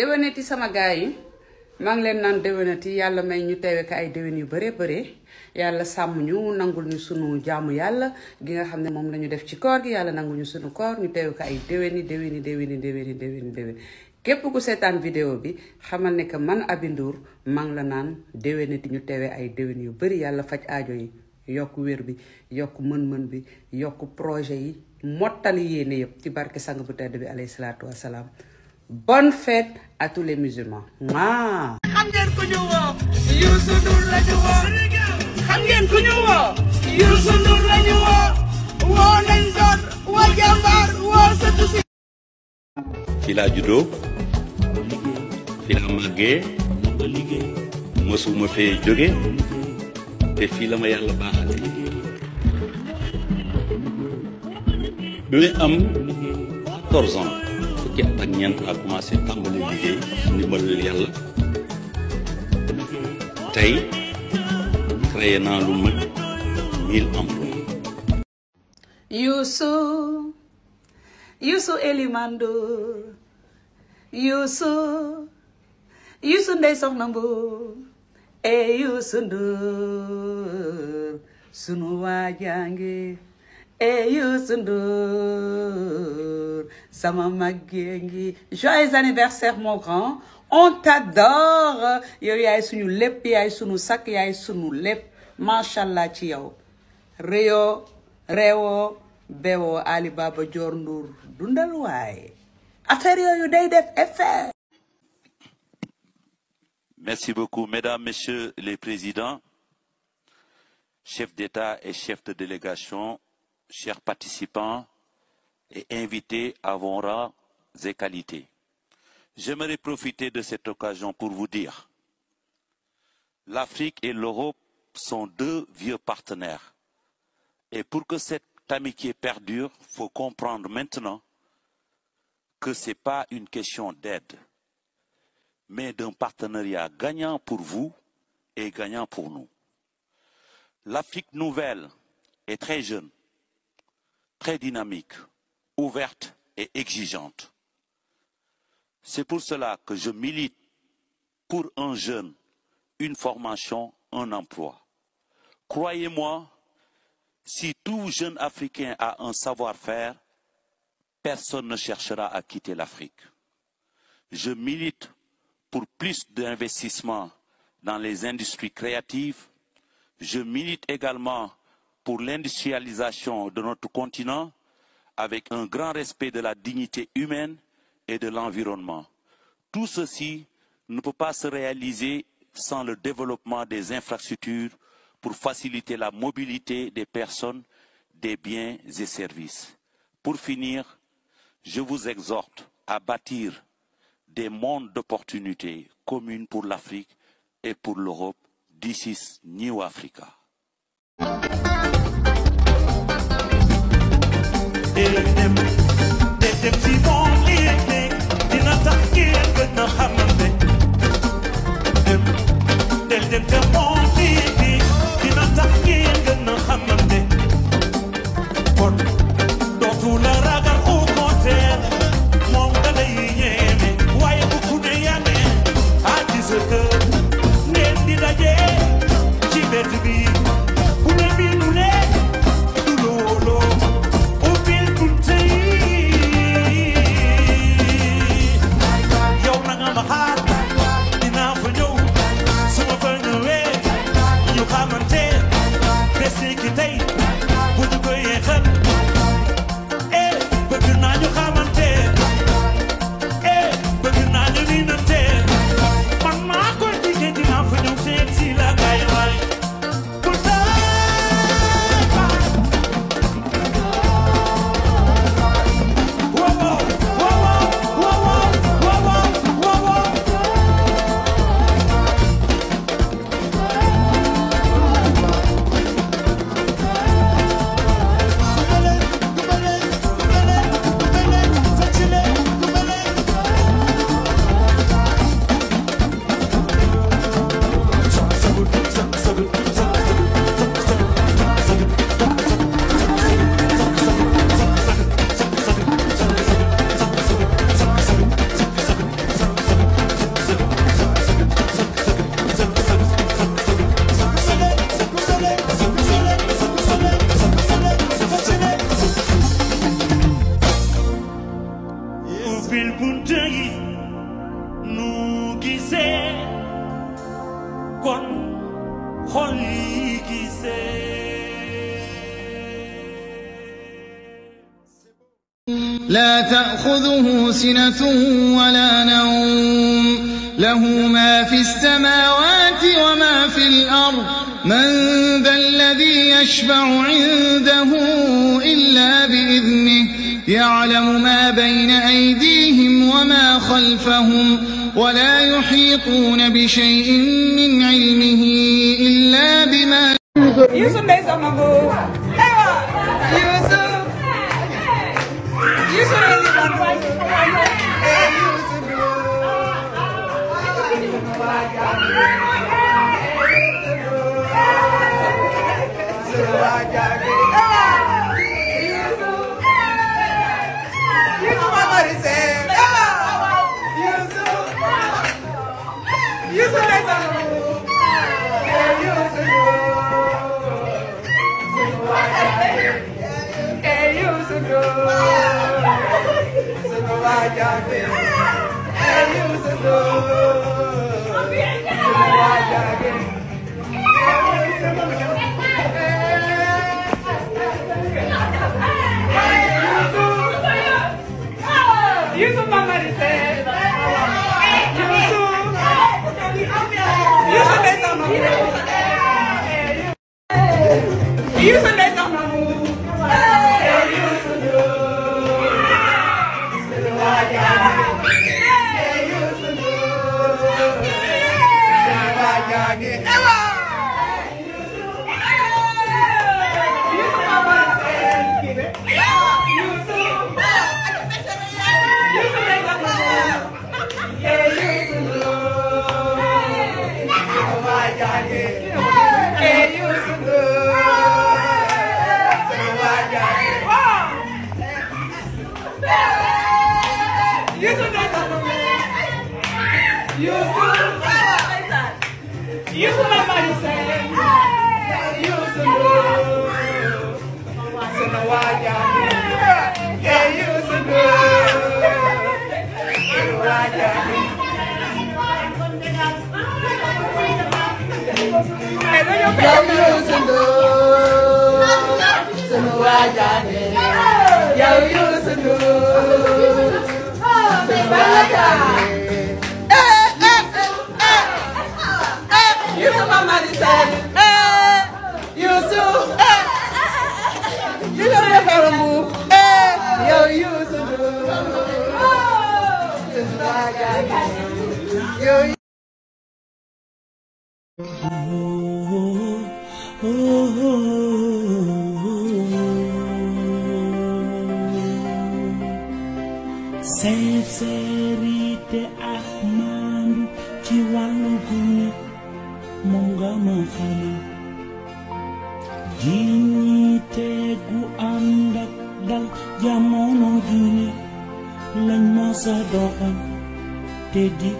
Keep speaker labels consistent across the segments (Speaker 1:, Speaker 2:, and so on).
Speaker 1: déwénati sama gars yi maa ngi leen naan déwénati yàlla may ñu teewe ko ay déwén yu bëree bëre yàlla sàmm ñu nangul ñu sunu jaamu yàlla gi nga xam ne moom la ñu def ci koor gi yàlla nangul ñu sunu koor ñu teewe ko ay déwéni déwéni déwéni déwéni déwéni déwén képp ku seetaan vidéo bi xamal ne que man Aby Ndour la naan déwénati ñu teewe ay déwén yu bëri yàlla faj aajo yi yokk wér bi yokk mën-mën bi yokk projet yi mottali yéene yëpp ci barke sang bu tedd bi alayhi salaatu bonne fête à tous les musulmans. Ah. Fila judo, fila juddoo fi laa màggee mësuma moi jóge te fii la ma hommes. 14 ans fukki at ak ñeent laa commencé tàmbali liggéey ndimbalul yàlla tey créé naa lu mat mille emplois yuusu yuusu elimandoor yuusu yuusu ndey soxna e eh, yuusu ndoor sunu et yo sama joyeux anniversaire mon grand on t'adore yo ya suñu lépp yaay suñu sakk yaay suñu lépp macha allah ci yow réyo réewoo bewoo Ali Baba Dior Ndour dundal affaire day def effet Merci beaucoup, Mesdames, Messieurs les Présidents, chefs d'État et chefs de délégation, chers participants et invités à vos rangs et qualités. J'aimerais profiter de cette occasion pour vous dire l'Afrique et l'Europe sont deux vieux partenaires. Et pour que cette amitié perdure, il faut comprendre maintenant que ce n'est pas une question d'aide, mais d'un partenariat gagnant pour vous et gagnant pour nous. L'Afrique nouvelle est très jeune très dynamique, ouverte et exigeante. C'est pour cela que je milite pour un jeune, une formation, un emploi. Croyez-moi, si tout jeune Africain a un savoir-faire, personne ne cherchera à quitter l'Afrique. Je milite pour plus d'investissements dans les industries créatives. Je milite également pour l'industrialisation de notre continent avec un grand respect de la dignité humaine et de l'environnement. Tout ceci ne peut pas se réaliser sans le développement des infrastructures pour faciliter la mobilité des personnes, des biens et services. Pour finir, je vous exhorte à bâtir des mondes d'opportunités communes pour l'Afrique et pour l'Europe. d'ici is New Africa.
Speaker 2: good. تأخذه سنة ولا نوم له ما في السماوات وما في الأرض من ذا الذي يشفع عنده إلا بإذنه يعلم ما بين أيديهم وما خلفهم ولا يحيطون بشيء من علمه إلا بما somebody said. You will soon. You should say something. You should Somebody say, hey, you to know. So now why y'all do? you to know. So why y'all do? you are So now why you sincérité ak maandu ci wàllu gu nekk moom nga ma xamal gu ànd ak dal jamono ju lañ ma sa te di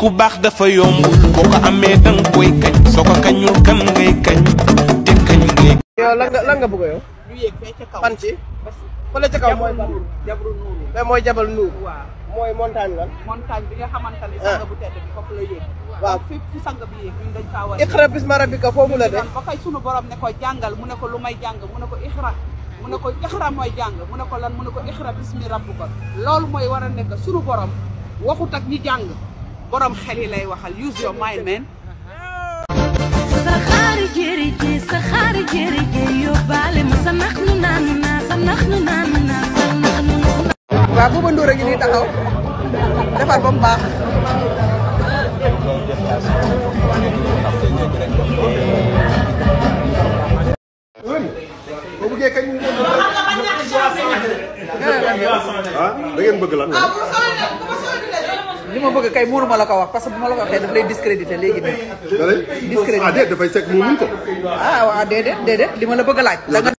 Speaker 2: ku bax dafa yombul boo ko amee dang koy kañ soko kañu kan ngay kañ te kañ ngay yo la nga la nga bëgg yo ñu yëg fe ca kaw fan ci la ca kaw moy jabru nuuru fee moy jabal nuur waaw moy montagne lan montagne bi nga xamantane ah. sang bu tedd bi foofu la yëg waaw fépp ci sang bi yëg ñun dañ kaa war iqra bis marabika la de ba kay sunu borom ne ko jàngal mu ne ko lu may mu ne ko mu ne ko mu ne ko lan mu ne ko bismi
Speaker 1: borom waxut ak ñi borom xel yi lay use your mind man.
Speaker 2: li ma bëgg kay mënu ma la ko wax parce que bu ma la ko waxee daf lay discrédité léegi nii. da lay discrédité ah déet dafay sekk mu mun ko. ah waaw ah, déedéet déedéet li ma la bëgg a laaj. la nga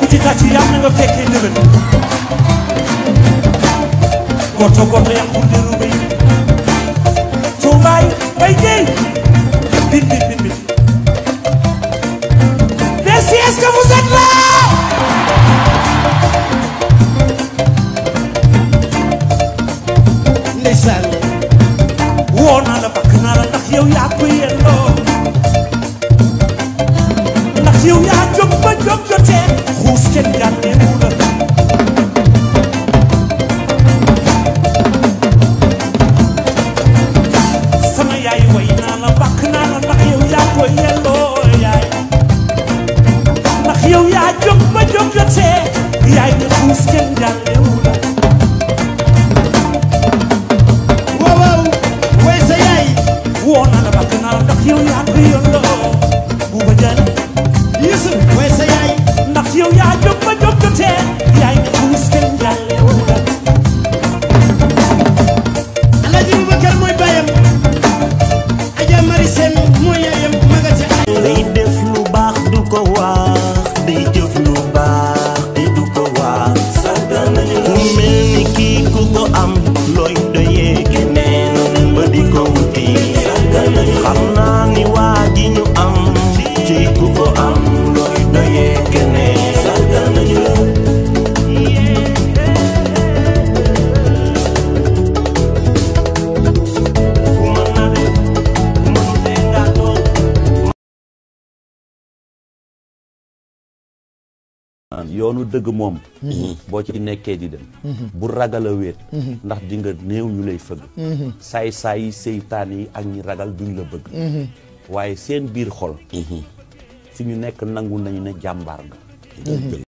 Speaker 2: ku ci tàcc yàlla na nga fekkee déwén. goto goto yàqu ndéru bay. tuubaay bay jéy. bin bin bin bin. mais si est-ce que vous êtes là. Sall woo naa la bakk naa la ndax yow yaa ko yelloo ndax yow yaa jóg ba jóg jotee xuus kenn jànneewu la sama yaay way naa la bakk naa la ndax yow yaa ko yelloo yaay ndax yow yaa jóg ba jóg jotee yaay nga xuus kenn jànneewu
Speaker 1: yoonu dëgg moom mhm. boo ci nekkee di dem mhm. bu ragal a wéet mhm. ndax dinga néew ñu lay fëgg saay-saay yi seytaan yi ak ñi ragal duñ la bëgg waaye seen biir xol fi ñu nekk nangu nañu ne jàmbaar nga